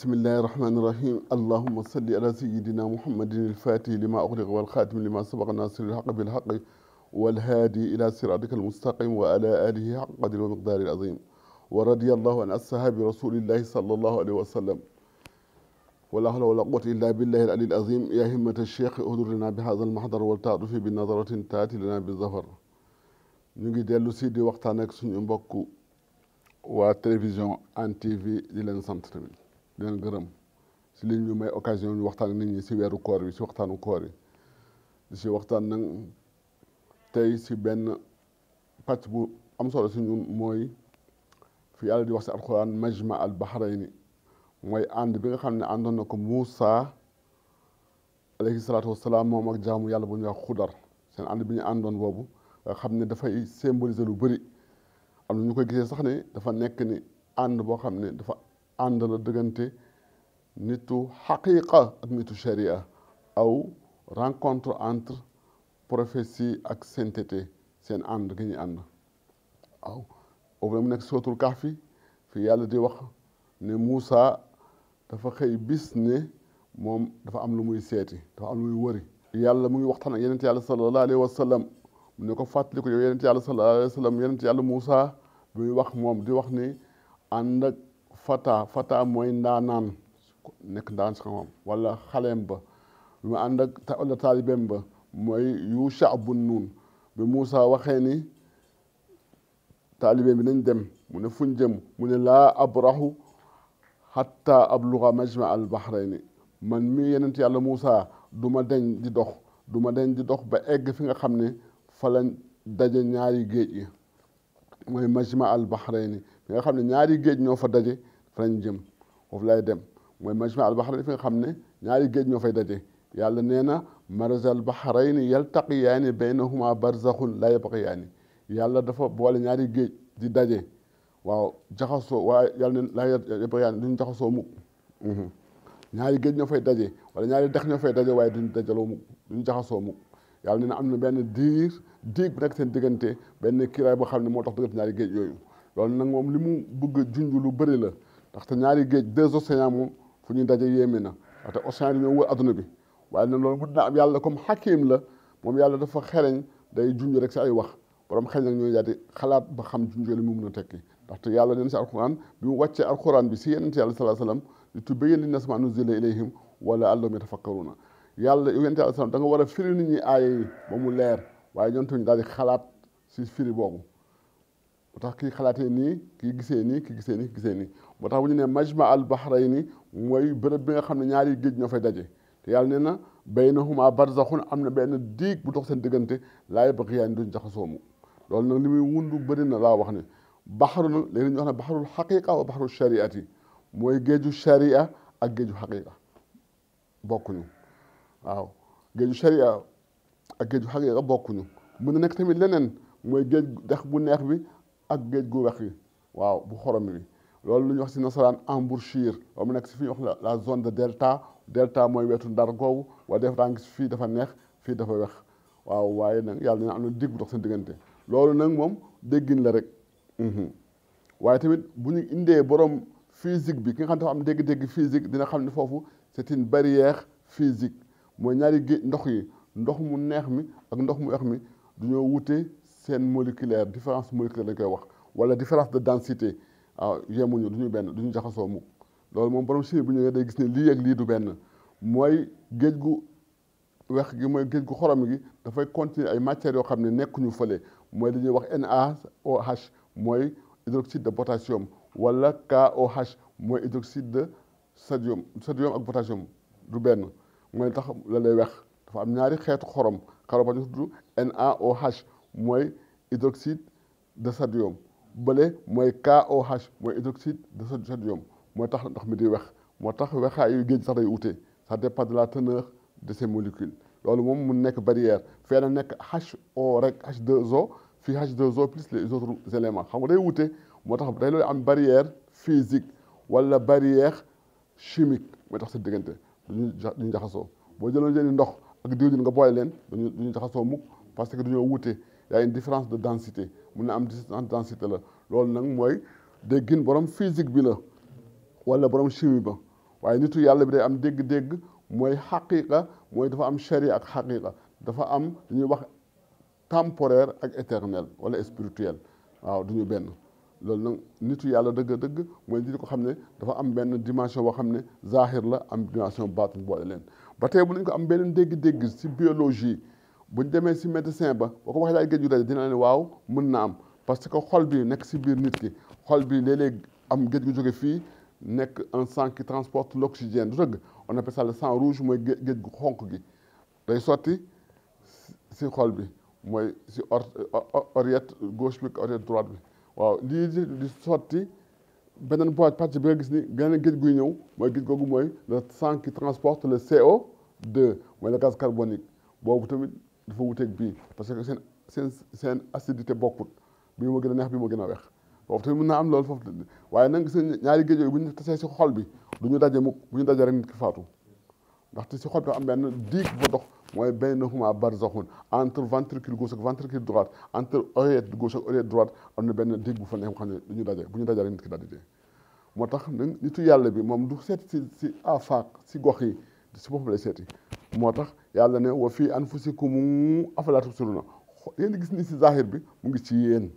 bismillahi rahmaani rahim allahuma salli ala sayidina muhammadin ilfatihi lima uxliq walxaatimi lima sabaqa nasiri lxaq bilxaqi walhaadi ila siratika almustaqim wa ala alihi xaq qadri wa miqdaari alazim wa radiya allahu an ashabi rasulillahi sal allahu alayhi wa sallam wala hawla wala quwata illa billahi alali alazim ya himmata cheikh udur lana bi hada almahdar wal taadufi bi nadaratin taati lana bi zafar ñu ngi dellu si di waxtaan ak suñu mbokk waa télévision Hann TV di leen sant tamit di gërëm si liñ ñu may occasion ñu waxtaan nit ñi si weeru koor bi si waxtaanu koor yi di si waxtaan nag tey si benn pàcc bu am solo si ñun mooy fi yàlla di wax si alxuraan majma al bahrayni mooy ànd bi nga xam ne àndoon na ko Muusa alayhi salaatu wasalaam moom ak jaamu yàlla bu ñuy wax xudar seen ànd bi ñu àndoon boobu nga xam ne dafay symboliser lu bëri am ñu koy gisee sax ne dafa nekk ni ànd boo xam ne dafa ànd na diggante nitu xaqiqa ak nitu sharia aw rencontre entre prophétie ak sainteté seen ànd gi ñuy ànd waaw boobu mu nekk suratul kahfi fi yàlla di wax ni Moussa dafa xëy bis ne moom dafa am lu muy seeti dafa am lu muy wëri yàlla mu ngi waxtaan ak yenent yàlla sallallahu alayhi wa sallam mu ne ko fàttali ko yow yenent yàlla sallallahu alayhi wa sallam yenent yàlla Moussa bi muy wax moom di wax ni ànd fata fata mooy ndaanaan nekk ndaan si xam-xam wala xaleem ba bi mu ànd ba mooy Yuusa bun Nuun bi Muusa waxee ni taalibeem bi nañ dem mu ne fuñ jëm mu ne laa abrahu xatta abluga majma al bahrayni man mi yenent yàlla Muusa du ma deñ di dox du ma deñ di dox ba egg fi nga xam ne fa lañ daje ñaari géej yi mooy majma al bahrayni fi nga xam ne ñaari géej ñoo fa daje lañ jëm foofu lay dem mooy majma al baxarayn fi nga xam ne ñaari géej ñoo fay daje yàlla nee na marajal baxarayni yaltaqiyaani baynahuma barzaxun laa yabqiyaani yàlla dafa boole ñaari géej di daje waaw jaxasoo waaye yàlla ne laa yabqiyaani duñ jaxasoo mukk mm-hmm. ñaari géej ñoo fay daje wala ñaari dex ñoo fay daje waaye duñ dajaloo mukk duñ jaxasoo mukk yàlla nee am na benn diir diig bu nekk seen diggante benn kiiraay boo xam ne moo tax diggante ñaari géej yooyu loolu nag moom li mu bëgg junj lu bëri la ndaxte ñaari géej deux océans moom fu ñuy daje yéeme na ndaxte océan yi ñoo wër adduna bi waaye nag loolu mën na am yàlla comme xakim la moom yàlla dafa xereñ day junj rek si ay wax borom xel nag ñooy daal xalaat ba xam junjee li mu mun a tekki ndaxte yàlla neen si alquran bi mu wàccee alquran bi si yenente yàlla salaa sallam li tubayyin linnaasi maa nuzzila ilayhim wala allahum yatafakkaruna yàlla yenente yàlla sallam da nga war a firi ni ñi aaya yi ba mu leer waaye ñoom tamit daal di xalaat si firi boobu moo tax kii xalaatee nii kii gisee nii kii gisee nii kii gisee nii moo tax bu ñu nee majma al bahrayni mooy bërëb bi nga xam ne ñaari géej ñoo fay daje te yàlla nee na baynahuma barzaxun am na benn diig bu dox seen diggante laa yabgiyaan duñ jaxasoomu loolu nag li muy wundu bëri na laa wax ne baxaru nag léegi ñu wax ne baxarul xaqiqa wa baxarul shariati mooy géeju sharia ak géeju xaqiqa bokkuñu waaw géeju sharia ak géeju xaqiqa bokkuñu mën na nekk tamit leneen mooy géej dex bu neex bi ak géej gu wex gi waaw bu xorom wi loolu lu ñuy wax si nasaraan embouchure wa mu nekk si fi ñuy wax la la zone de delta delta mooy wetu ndar googu wala def daa fii dafa neex fii dafa wex waaw waaye nag yàlla dina am na dig bu dox seen diggante loolu nag moom déggin la rek mhm. waaye tamit bu ñu indee borom physique bi ki nga xam ne dafa am dégg-dégg physique dina xam ne foofu c'est une barrière physique mooy ñaari géej ndox yi ndox mu neex mi ak ndox mu wex mi duñoo wute seen moléculaire différence moléculaire lañ koy wax wala différence de densité ah yemuñu du ñu benn du ñu jaxasoo mukk loolu moom borom chimie bu ñëwee day gis ne lii ak lii du benn mooy géej gu weex gi mooy géej gu xorom gi dafay contenir ay matières yoo xam ne nekkuñu fële mooy li ñuy wax NaOH mooy hydroxyde de potassium wala KOH mooy hydroxyde de sodium sodium ak potassium du benn mooy tax la lay weex dafa am ñaari xeetu xorom xaroba ñu tudd NaOH mooy hydroxyde de sodium bële mooy KOH mooy hydroxyde de sodium mooy tax ndox mi di wex moo tax wexaayu géej sax day wute ça dépend de la teneur de ces molécules loolu moom mu nekk barrière fee na nekk HO rek H2O fii H2O plus les autres éléments xam nga day wute moo tax day looy am barrière physique wala barrière chimique mooy tax sa diggante duñu duñu jaxasoo boo jëloon jëli ndox ak diwlin nga boole leen duñu duñu jaxasoo mukk parce que duñoo wute y a de densité mun na am différence de densité la loolu nag mooy déggin borom physique bi la wala borom chimie ba waaye nitu yàlla bi day am dégg-dégg mooy xaqiqa mooy dafa am charia ak xaqiqa dafa am lu ñuy wax temporaire ak éternel wala spirituel waaw du ñu benn loolu nag nitu yàlla dëgg-dëgg mooy di nit ko xam ne dafa am benn dimension boo xam ne zahir la am dimension baatin boole leen ba tey bu ñu ko am benn dégg-dégg si biologie bu ñu demee si médecin ba boo ko waxee daal géej gu daje dina ne waaw mën na am parce que xol bi nekk si biir nit ki xol bi léeg-léeg am géej gu jóge fii nekk un sang qui transporte l' oxygène du dëgg on appelle ça le sang rouge mooy géej gu xonq gi day sotti si xol bi mooy si or oreillette gauche bi bi waaw lii di sotti beneen boîte pàcc bi nga gis ni geneen géej guy ñëw mooy géej googu mooy le sang qui transporte le CO2 mooy le gaz carbonique boobu tamit. dafa wuteeg bii parce que seen seen seen acidité bokkut bii moo gën a neex bii moo gën a weex foofu tamit mun naa am loolu foofu waaye nag gis ñaari géej bu ñu tasee si xol bi du ñu daje mukk bu ñu daje rek nit ki ndaxte si xol bi am benn diig bu dox mooy baynahuma barzakhun entre ventricule gauche ak ventricule droite entre oreillette gauche ak oreillette droite am na benn diig bu xam ne du ñu daje bu ñu daje ki daal di moo tax nag nitu yàlla bi moom du seet si si afaak si gox yi si boppam lay seeti moo tax yàlla ne wa fii anfusikum afalaa tubsiruuna yéen gis ni si zahir bi mu ngi ci yéen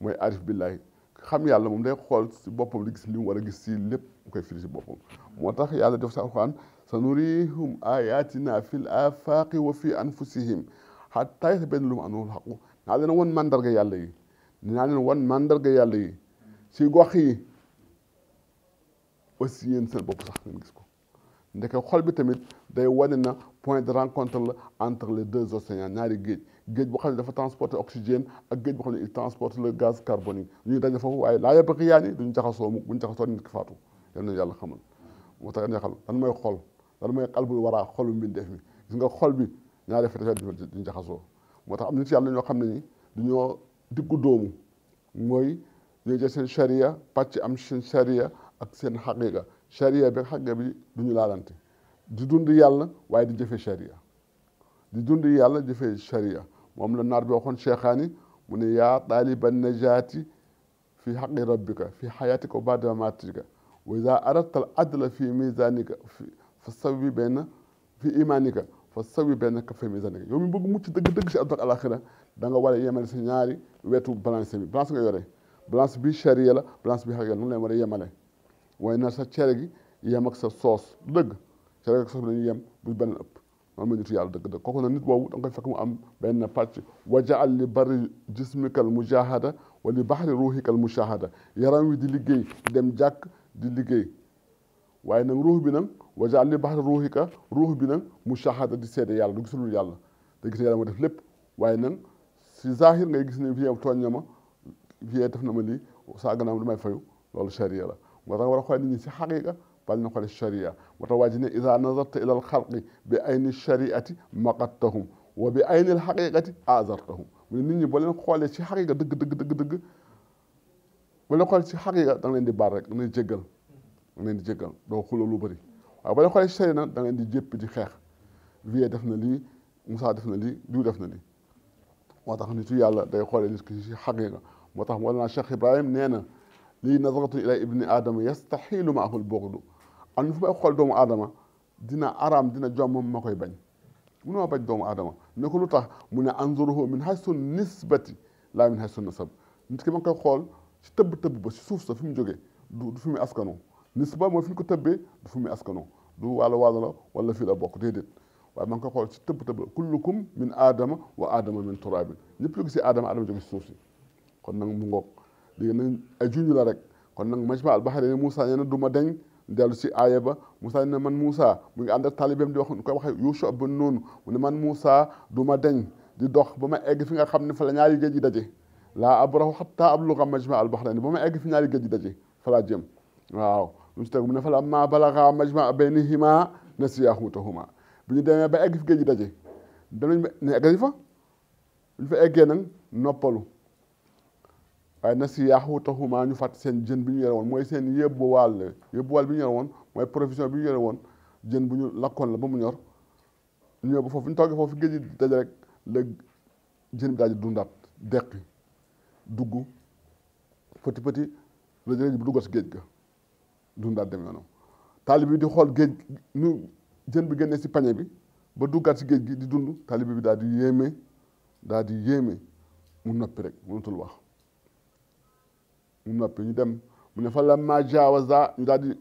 mooy arif billahi xam yàlla moom day xool si boppam di gis li mu war a gis si lépp mu koy firi si boppam moo tax yàlla def sa alxuraan sanurihim ayatina fil afaqi wa fi anfusihim hatta yatabayyana lahum annahu alhaqu naa leen wan mandarga yàlla yi naa leen wan mandarga yàlla yi si gox yi aussi yéen seen bopp sax ngeen ko ndeke xol bi tamit day wane na point de rencontre la entre les deux océans ñaari géej géej boo xam ne dafa transporter oxygène ak géej boo xam ne il transporte le gaz carbonique ñu dañ foofu waaye laa yëpp ak yaa ni duñu jaxasoo mu buñu jaxasoo nit ki faatu yal na yàlla xamal moo tax neexal lan mooy xol lan mooy xal bu waraa xolu mbindeef mi gis nga xol bi ñaari fetefe duñu jaxasoo moo tax am nit yàlla ñoo xam ne ni duñoo diggu doomu mooy ñooy seen charia pàcc am seen charia a seen xaqiqa charia bi xagga bi du ñu laalante di dund yàlla waaye di jëfe charia di dund yàlla jëfe charia moom la naar bi waxoon cheikhaani mu ne yaa taaliba najaati fi xaqi rabbika fi xayaatika wa baada mamatika wa ida aradta al adla fi misanika fa sawi benn fi imanika fa sawi benn ka fi misanika yow mi bëgg mucc dëgg-dëgg si àdduna ak alaxira da nga war a yemale si ñaari wetu balance bi balance yore balance bi charia la balance bi xaqi la nu leen war a yemale waaye na sa cere gi yem ak sa soos dëgg cere gi yem bu benn ëpp man ma nitu yàlla dëgg-dëgg kooku nag nit boobu da nga koy fekk mu am benn pàcc wajaal li bari jismikal mujahada wa li baxri ruuxikal mushahada yaram wi di liggéey di dem jàkk di liggéey waaye nag ruux bi nag wajaal li baxri ruuxika ruux bi nag mushahada di seede yàlla du gisulul yàlla da gis yàlla moo def lépp waaye nag si zahir ngay gis ne fii tooñ na ma fii def na ma sa saa gannaaw damay fayu loolu charia la moo tax war a xool nit ñi si xaqiqa bal na xool sharia moo tax waa ji ne ida nazarta ila alxalqi bi ayni shariati maqattahum wa bi ayni alxaqiqati azartahum mu ne nit ñi boo leen xoolee si xaqiqa dëgg dëgg dëgg dëgg boo leen si xaqiqa da leen di baal rek da nga leen di doo xuloo lu bëri waaye boo leen xoolee si sharia nag da nga di jéppi di xeex vie def na lii Moussa def na li diw def na lii moo tax ni nitu yàlla day xoolee nit ki si xaqiqa moo tax Mawlana Cheikh Ibrahim na lii nazratun ilaa ibni aadama yastaxiilu maahu lbuxdu am na fu may xool doomu aadama dina araam dina jomm ma koy bañ munu ma bañ doomu adama ne ko lu tax mu ne anzuruhu min haysu nisbati laa min haysu nasab nit ki ma koy xool ci tëbb tëbb ba ci suuf sa fi mu jógee du fi mu askano nisba mooy fi ñu ko tëbbee du fi mu askano du wàllu wàllu la wala fii la bokk déedéet waaye ma ngi koy xool ci tëbb tëbb kullukum min aadama wa aadama min turaabin ñëpp jóge si aadama aadama jóge si suuf si kon nag mu ngoog léegi nag ay junj la rek kon nag majma al bahri ne Moussa nee na du ma deñ dellu si aaya ba Moussa ne man Moussa mu ngi ànd ak taalibeem di wax koy waxee Yuusu ba noonu mu ne man Moussa du ma deñ di dox ba ma egg fi nga xam ne fa la ñaari géej yi daje laa abrahu xatta abluga majma al bahri ne ba ma egg fi ñaari géej yi daje fa laa jëm waaw lu ci teg mu ne fa la ma balaga majma baynihima nasiya hutahuma bu ñu demee ba egg fi géej yi daje danañ ne egg fa bu ñu fa eggee nag noppalu waaye na si yaaxu taxumaa ñu fàtte seen jën bi ñu yore woon mooy seen waal wàll yëbbu wàll bi ñu yore woon mooy provision bi ñu yore woon jën bu ñu lakkoon la ba mu ñor ñëw ba foofu ñu toogee foofu géej gi daje rek la jën bi daal di dundaat deqi dugg petit petit la jën géej ga dundaat dem yoonam taalib bi di xool géej nu bi génnee si pañe bi ba duggaat si géej gi di dund taalib bi daal di yéeme daal di yéeme mu noppi rek mënatul wax mu ñu dem mu ne fa la ma jaawaza ñu daal di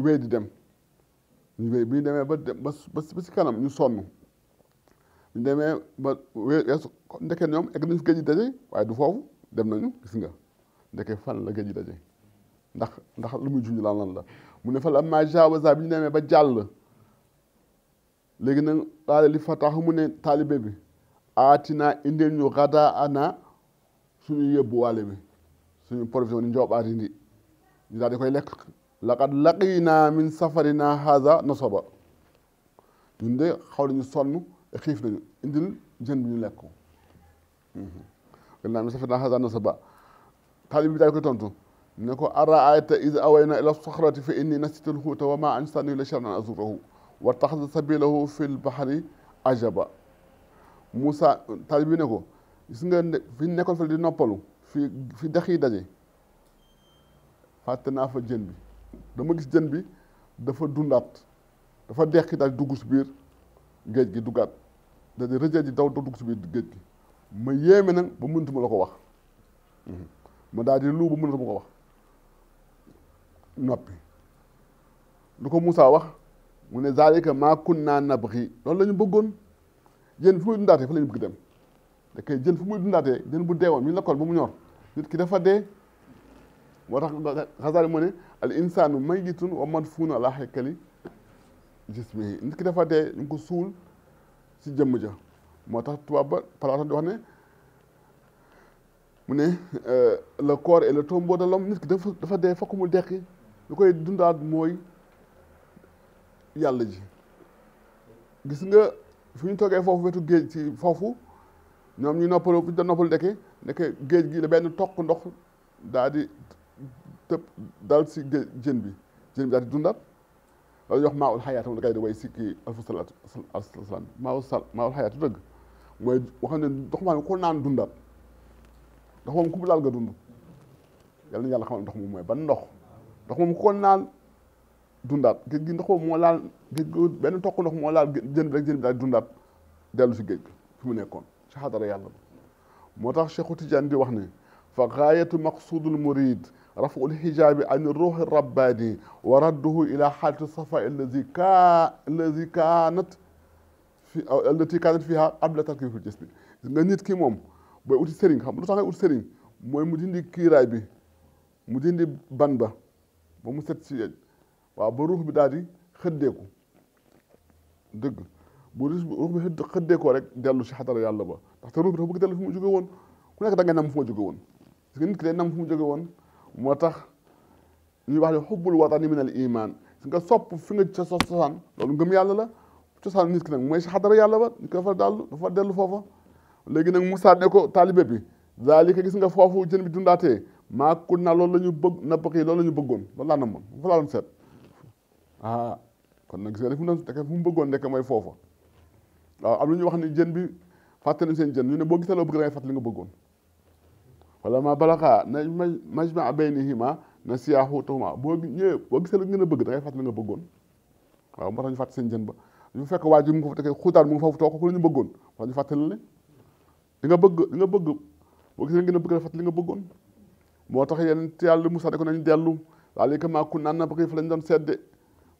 wéy di dem ñu wéy bi ñu demee ba si kanam ñu sonn ñu demee ba weesu ndeke ñoom egg daje waaye du foofu dem nañu gis nga ndeke fan la géej gi daje ndax ndax lu muy junj lan lan la mu ne fa la ma jaawaza bi ñu demee ba jàll léegi nag daal li fa tax mu ne taalibe bi aatinaa indil ñu xadaa ana suñu yóbbuwaale bi suñu provision ni jooɓaati ndi ñu daal di koy lekk laqad laqina min safarina haza nasaba ñun de xaw nañu sonn xiif nañu indil jën bi ñu lekk ko mmh. laqina min safarina haza nasaba taalib bi daal koy tontu ne ko araayta is awayna ila saxrati fa inni nasitu lxuuta wa ma ansani illa shay'an an azurahu wa taxada sabilahu fi lbahri ajaba Moussa taalib bi ne ko gis nga fi nekkoon fa di noppalu fi fi dex yi daje fàtte naa fa jën bi dama gis jën bi dafa dundaat dafa deqi daal dugg si biir géej gi duggaat da di rëjee ji daw daw dugg si biir géej gi ma yéeme nag ba mënatuma la ko wax mhm. ma daal di lu ba mënatuma ko wax noppi lu ko Moussa wax mu ne zalika maa kunna nabghi loolu la ñu bëggoon yéen fu muy dundaatee fa la bëgg dem da koy jël fu muy dundaatee jën bu deewoon mi lekkoon ba mu ñor nit ki dafa dee moo tax xasaar mu ne al insaanu mayyitun wa madfuunun alaa haykali jismihi nit ki dafa dee ñu ko suul si jëmm ja moo tax tubaab ba Platon di wax ne mu ne euh, le corps est le tombeau de l'homme nit ki dafa dafa dee fokk mu dekki lu koy dundaat mooy yàlla ji gis nga fu ñu toogee foofu wetu géej ci foofu ñoom ñu noppalu bu ñu doon noppalu ndeke géej gi la benn toq ndox daal di tëb si géej jën bi jën bi daal di dundaat loolu la kay di way si kii dëgg mooy wax ne ndox maa ko naan dundaat ndox dund yàlla na yàlla ndox moom mooy ban ndox ndox moom ko naan géej gi ndox moom benn toq ndox moo laal jën jën bi daal dellu si géej gi fi mu nekkoon ci xadara yàlla moo tax Cheikhu Tidiane di wax ne fa gaayatu maqsudul murid rafu lxijaabi an ruuxi rabbaani wa radduhu ila xaalati safa allazi ka allazi kaanat fi allati kaanat fiha qabla tarkibi fil jasbi nit ki moom booy uti sëriñ xam lu tax ngay uti mooy mu dindi kiiraay bi mu dindi ban ba ba mu set si yéen ba ruux bi daal di xëddeeku bu ruux bi xëddee ko rek dellu si xadara yàlla ba ndaxte ruux bi dafa bëgg dellu fi mu jóge woon ku nekk da nga mu jóge woon parce que nit fu mu jóge woon moo tax ñuy wax ne xubbul watani min al iman si nga sopp fi nga ca cosaan loolu ngëm yàlla la cosaan nit ki nag mooy si xadara yàlla ba nit ki dellu dafa dellu foofa léegi nag Moussa ne ko taalibe bi zaalika gis nga foofu jën bi dundaatee maa kun na loolu la ñu bëgg na bëgg loolu la ñu bëggoon loolu laa namoon fa laa doon ah, kon na gis nga rek fu mu bëggoon nekk mooy foofa waaw am lu ñu wax ni jën bi fàtte nañ seen jën ñu ne boo gisee loo bëgg dangay fàtte li nga bëggoon wala ma balaxaa na ma majma baynihima na siyaaxu taxuma boo ñëwee boo gisee lu ngeen a bëgg dangay fàtte li nga bëggoon waaw moo tax ñu fàtte seen jën ba ñu fekk waa ji mu ko fa teke xuutaan mu ngi ko la ñu bëggoon wax ñu fàttali ne li nga bëgg li nga bëgg boo gisee ngeen a bëgg fàtte li nga bëggoon moo tax yeneen yàlla Musaa ne ko nañ dellu daal yi naan na bëgg fa lañ doon sedde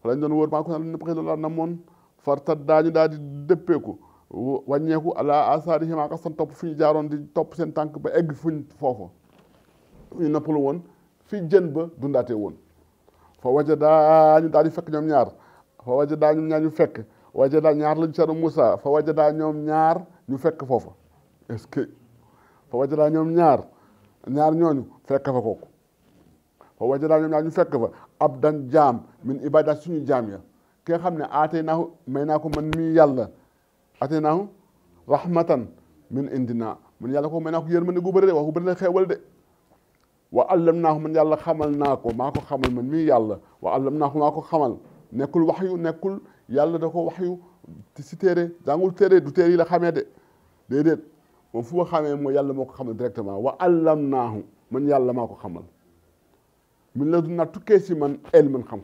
fa lañ doon wóor maa kun naan na bëgg loolu laa namoon fartat daañu daal di dëppeeku wàññeeku ala asaarihim ak seen topp fu ñu jaaroon di topp seen tànk ba egg fuñ foofu ñu noppalu woon fi jën ba dundaatee woon fa waja daa ñu daal di fekk ñoom ñaar fa waja daa ñoom ñaar ñu fekk waja daa ñaar lañ seeru Moussa fa waja daa ñoom ñaar ñu fekk foofa est-ce que fa waja daa ñoom ñaar ñaar ñooñu fekk fa kooku fa waja daa ñoom ñaar ñu fekk fa abdan jaam min ibada suñu jaam ya ki nga xam ne ate naahu may naa ko man mii yàlla aatay naahu rahmatan min indina man yàlla ko may naa ko yërmande gu bëri de wax gu bëri de xeewal de wa allam naahu man yàlla xamal naa ko maa ko xamal man mii yàlla wa allam naahu maa ko xamal nekkul wax yu nekkul yàlla da ko wax yu si téere jàngul téere du téere yi la xamee de déedéet moom fu ma xamee mooy yàlla moo ko xamal directement wa allam naahu man yàlla maa ko xamal min la du naa tukkee si man el man xam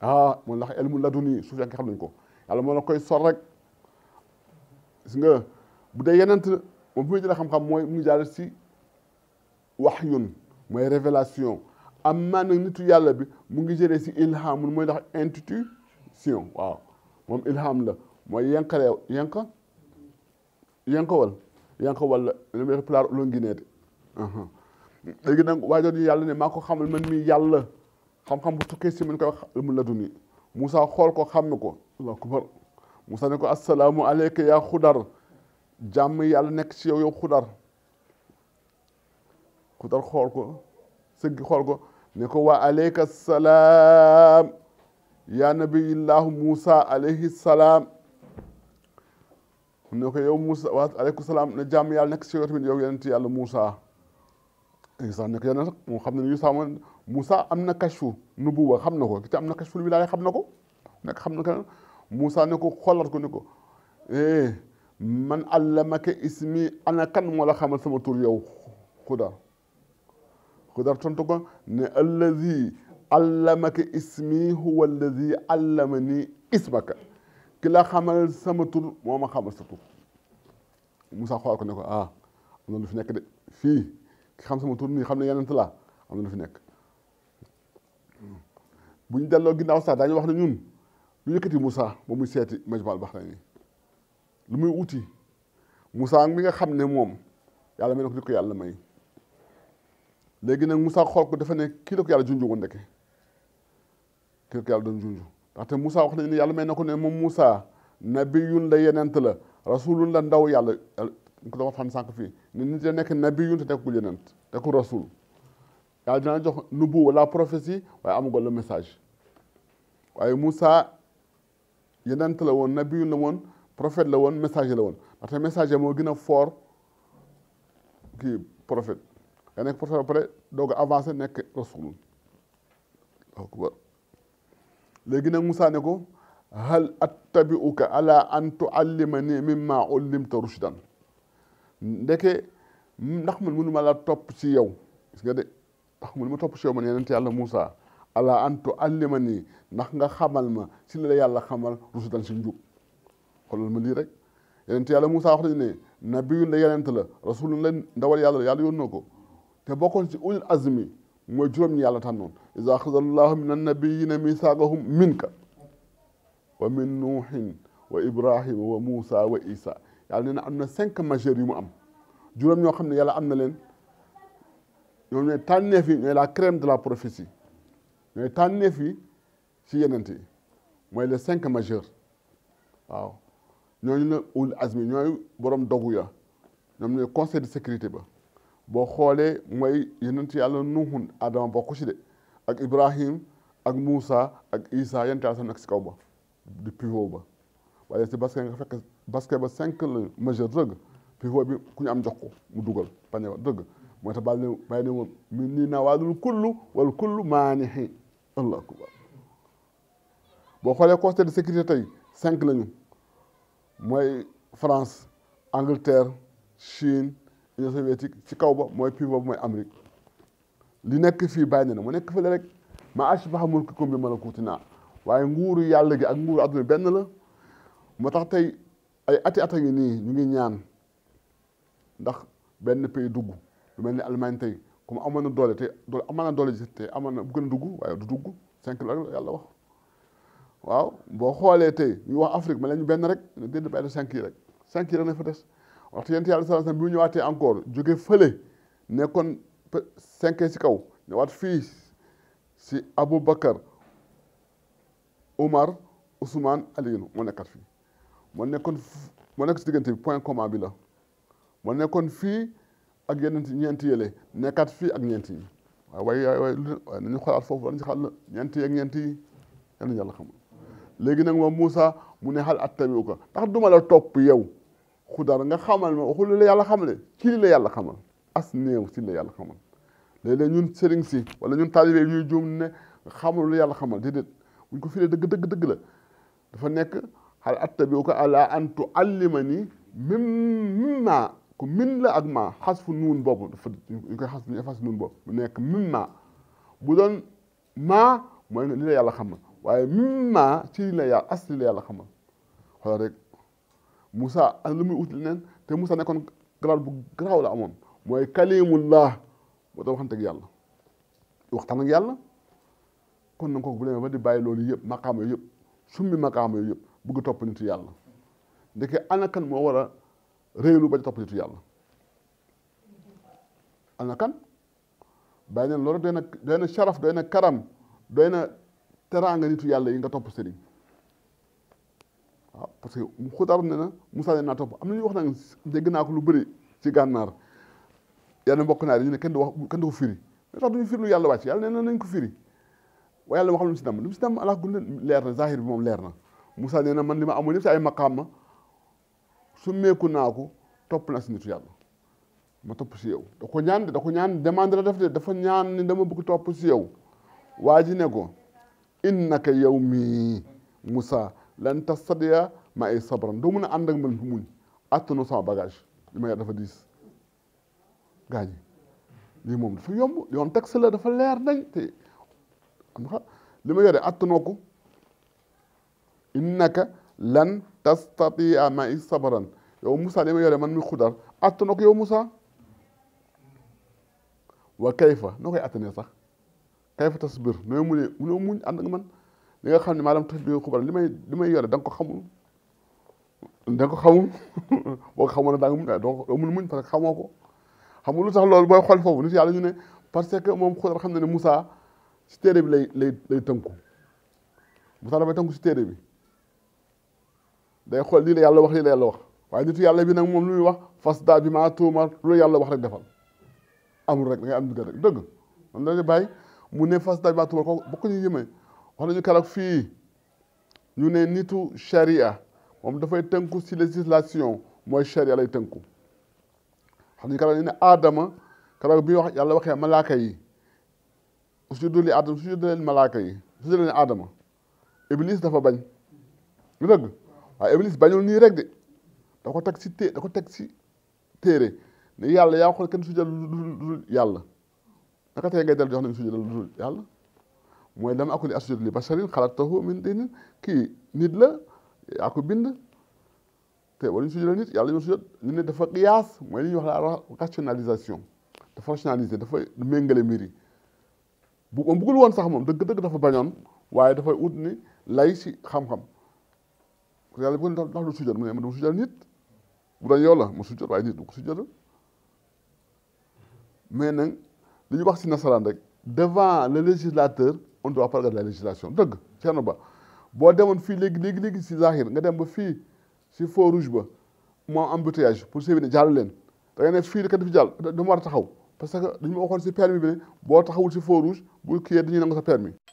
ah moom ndax elmu laduni su fekkee xam nañ ko yàlla moo la koy sor rek gis nga bu dee yenent moom fu muy jëlee xam-xam mooy mu ngi jaare si wahyun mooy révélation am naa nag nitu yàlla bi mu ngi jëlee si ilhamul mooy ndax intuition waaw moom ilham la mooy yenkaree yenka yenka wal yenka wal la li muy pulaar longineete léegi nag waajoon ñu yàlla ne maa ko man mii yàlla xam-xam bu tukkee si mu ñu koy wax ilmu laduni Moussa xool ko xam na ko allahu akbar Moussa ne ko assalaamu aleyka ya xudar jàmm yàlla nekk ci yow yow xudar xudar xool ko sëggi xool ko ne ko wa aleyka salaam yaa nabiyillahu Moussa alayhi salaam ne ko yow Moussa waa salaam ne jàmm yàlla nekk ci yow tamit yow yonent yàlla Moussa Isa nekk yonent nag moom xam na ne Isa moom Moussa am na kashfu nubuwa xam na ko te am na kashful wilaaya xam na ko nekk xam na ko Moussa ne ko xoolaat ko ne ko eh man allamaka ismi ana kan moo la xamal sama tur yow Xuda Xuda tontu ko ne allazi allamaka ismi huwa allazi allamani ismaka ki la xamal sama tur moo ma xamal sa tur Moussa xoolaat ko ne ko ah am na lu fi nekk de fii. ki xam ma tur nii xam ne yonent laa am na lu fi nekk bu ñu delloo ginnaaw sax daañu wax ne ñun lu yëkkati Moussa ba muy seeti Majmaal Baxrayni lu muy uti Moussa mi nga xam ne moom yàlla may na ko nit ko yàlla may léegi nag Moussa xool ko dafa ne kii ko yàlla junju woon ndeke kii la ko yàlla doon junju ndaxte Moussa wax nañu ne yàlla may na ko ne moom Moussa nabiyun la yenent la rasulun la ndaw yàlla ñu ko doon xam sànq fii ne nit da nekk nabiyun te nekkul yonent nekkul rasul yàlla dina jox nubuwa la prophétie waaye amagul le message waaye Moussa yonent la woon nabiyun la woon prophète la woon message la woon ndaxte messager moo gën a fort kii prophète nga nekk prophète ba pare doog a avancé nekk rasul akbar léegi nag Moussa ne ko hal attabi'uka ala an tu'allimani mimma ullimta rushdan ndeke ndax man mënu ma laa topp ci yow gis nga de ndax man ma topp ci yow man yeneen yàlla Moussa ala antu allima nii ndax nga xamal ma ci la yàlla xamal rusudan ci njub xoolal ma lii rek yeneen yàlla Moussa wax nañu ne nabiyun la yeneen la rasulun la ndawal yàlla yàlla yónnoo ko te bokkoon ci ulul azmi mooy juróom ñi yàlla tànnoon iza axadallahu min annabiyina misaaqahum minka wa min nuuhin wa ibrahima wa Moussa wa Isa yàlla nee am na cinq majeurs yu mu am juróom ñoo xam ne yàlla am na leen ñoom ñooy tànneef yi ñooy la crème de la prophétie ñooy tànneef yi ci yenent yi mooy les cinq majeurs waaw ñooñu la ul ñooy borom dogu ya ñoom ñooy conseil de sécurité ba boo xoolee mooy yenent yàlla nuhun adama bokku ci de ak ibrahim ak Moussa ak Isa yent yàlla sax nag si kaw ba di pivot ba waaye si basket fekk basket ba cinq la majeur dëgg pivot bi ku ñu am jox mu dugal panier ba dëgg moo tax ba ne bàyyi ne woon mi nii naa waalul kullu wala kullu maanixi allah boo xoolee conseil de sécurité tey cinq lañu mooy France Angleterre Chine Union soviétique ci kaw ba mooy pivot mooy Amérique li nekk fii bàyyi ne na mu nekk fële rek ma ash ba xamul ki kom bi waaye nguuru yàlla gi ak nguuru adduna benn la moo tax ay ati ata ngi nii ñu ngi ñaan ndax benn pays dugg lu mel ni Allemagne tey comme amoon na doole te doole amoon na doole ji te amoon na bu gën dugg waaye du dugg cinq la yàlla wax waaw boo xoolee tey ñu wax Afrique ma leen ñu benn rek ne déedéet bàyyi cinq yi rek cinq yi rek na fa des waxtu yent yàlla sallallahu alayhi wasallam bi mu ñëwaatee encore jóge fële nekkoon cinq si kaw ñëwaat fii si Aboubacar Omar Ousmane Aliyun mu nekkat fii moo nekkoon moo nekk si diggante bi point commun bi la moo nekkoon fii ak yeneen ñeenti yële nekkaat fii ak ñeenti yi waaw waaye waaye nañu xoolaat foofu wala ñu xal ñeenti yi ak ñeenti yi yal nañu yàlla xamul léegi nag moom Moussa mu ne xal attabi'uka ko ndax duma la topp yow xudar nga xamal ma waxul li la yàlla xamale kii li la yàlla xamal as néew si la yàlla xamal léeg-léeg ñun sëriñ si wala ñun taalibe ñuy juum ne xamul lu yàlla xamal déedéet buñ ko firee dëgg dëgg dëgg la dafa nekk hal attabi'uka ala an tu'allimani mimma ku min la ak ma xas fu nuun boobu dafa ñu koy xas ñu fas nuun boobu mu nekk mimma bu doon ma mooy li la yàlla xamal waaye mimma ci la yàlla as li la yàlla xamal xoolal rek Moussa ak lu muy ut leneen nekkoon grade bu garaaw la amoon mooy kalimullah boo doon waxante ak yàlla waxtaan ak yàlla kon nag kooku bu demee ba di yëpp maqaam yooyu yëpp summi bugg topp nitu yàlla ndeke anakan moo war a réylu bañ topp nitu yàlla anakan bàyyi neen loolu doy na doy na sharaf doy na karam doy na teraanga nitu yàlla yi nga topp sëriñ waaw parce que xudar ne na Moussa ne naa topp am na ñu wax nag dégg naa ko lu bëri ci gànnaar yenn mbokk naa yi ñu ne kenn du wax kenn du ko firi mais tax duñu firi lu yàlla wàcc yàlla nee na nañ ko firi waaye yàlla waxal lu mu si dam lu mu si leer na zahir bi moom leer na Moussa nee na man lima ma amoon yëpp si ay maqaama su meeku naa ko topp naa si nitu yàlla ma topp si yow da ko ñaan da ko ñaan demande la def de dafa ñaan ni dama bëgg topp si yow waa ji ne ko innaka yow mii Moussa lan tastadiya ma ay sabran doo mun a ànd ak man fi sama bagage li ma yor dafa diis lii moom dafa yomb yoon la dafa leer nañ te li ma yore attanoo ko innaka lan tastatia mai sabran yow Moussa li ma yore man mi xudar attana ko yow Moussa wa kayfa noo koy attanee sax kayfa tasbir nooy munee munoo muñ ànd ak man li nga xam ne maanaam tasbir xubar li may li may yore da nga ko xamul da nga ko xamul boo ko xamoon da nga muñ doo mun muñ parce que xamoo ko xamul lu tax loolu booy xool foofu nit yàlla ñu ne parce que moom xudar xam na ne Moussa si téere bi lay lay lay tënku Moussa dafay tënku si téere bi day xool lii la yàlla wax lii la wax waaye nitu yàlla bi nag moom lu muy wax fas daa bi maa tuumar lu la yàlla wax rek defal amul rek da am ndigal rek dëgg man mu ne fas daa bi maa tuumar kooku bokk ñu yëmee wax nañu keroog fii ñu ne nitu sharia moom dafay tënku si législation mooy sharia lay tënku xam nañu keroog ñu ne aadama keroog bi wax yàlla waxee malaaka yi usjudu li aadama usjudu leen malaaka yi usjudu leen aadama dafa bañ dëgg waaye Iblis bañul nii rek de da ko teg si té da ko teg si téere ni yàlla yaa xool kenn sujjal lu dul yàlla naka tey del jox nañ sujjal lu dul yàlla mooy lam akuli asjud li basarin xalaqtahu min tinin kii nit la yaa ko bind te waruñu sujjal nit yàlla ñu sujjal ñu dafa qiyaas mooy li ñuy wax la rationalisation dafa rationaliser dafa méngale mbir yi bu moom bëggul woon sax moom dëgg-dëgg dafa bañoon waaye dafay ut ni lay si xam-xam yàlla bu nga ndax lu sujjal mu ne ma dama sujjal nit bu doon yow la ma sujjal waaye nit du ko sujjal li ñu wax si nasaraan rek devant le législateur on doit parler de la législation dëgg Thierno Ba boo demoon fii léegi léegi léegi si Zahir nga dem ba fii si feu rouge ba moo am embouteillage pour sébi jaal leen da nga ne fii kat dafa jàll dama war a taxaw parce que da ma waxoon si permis bi ne boo taxawul si feu rouge bu kii dañuy nangu sa permis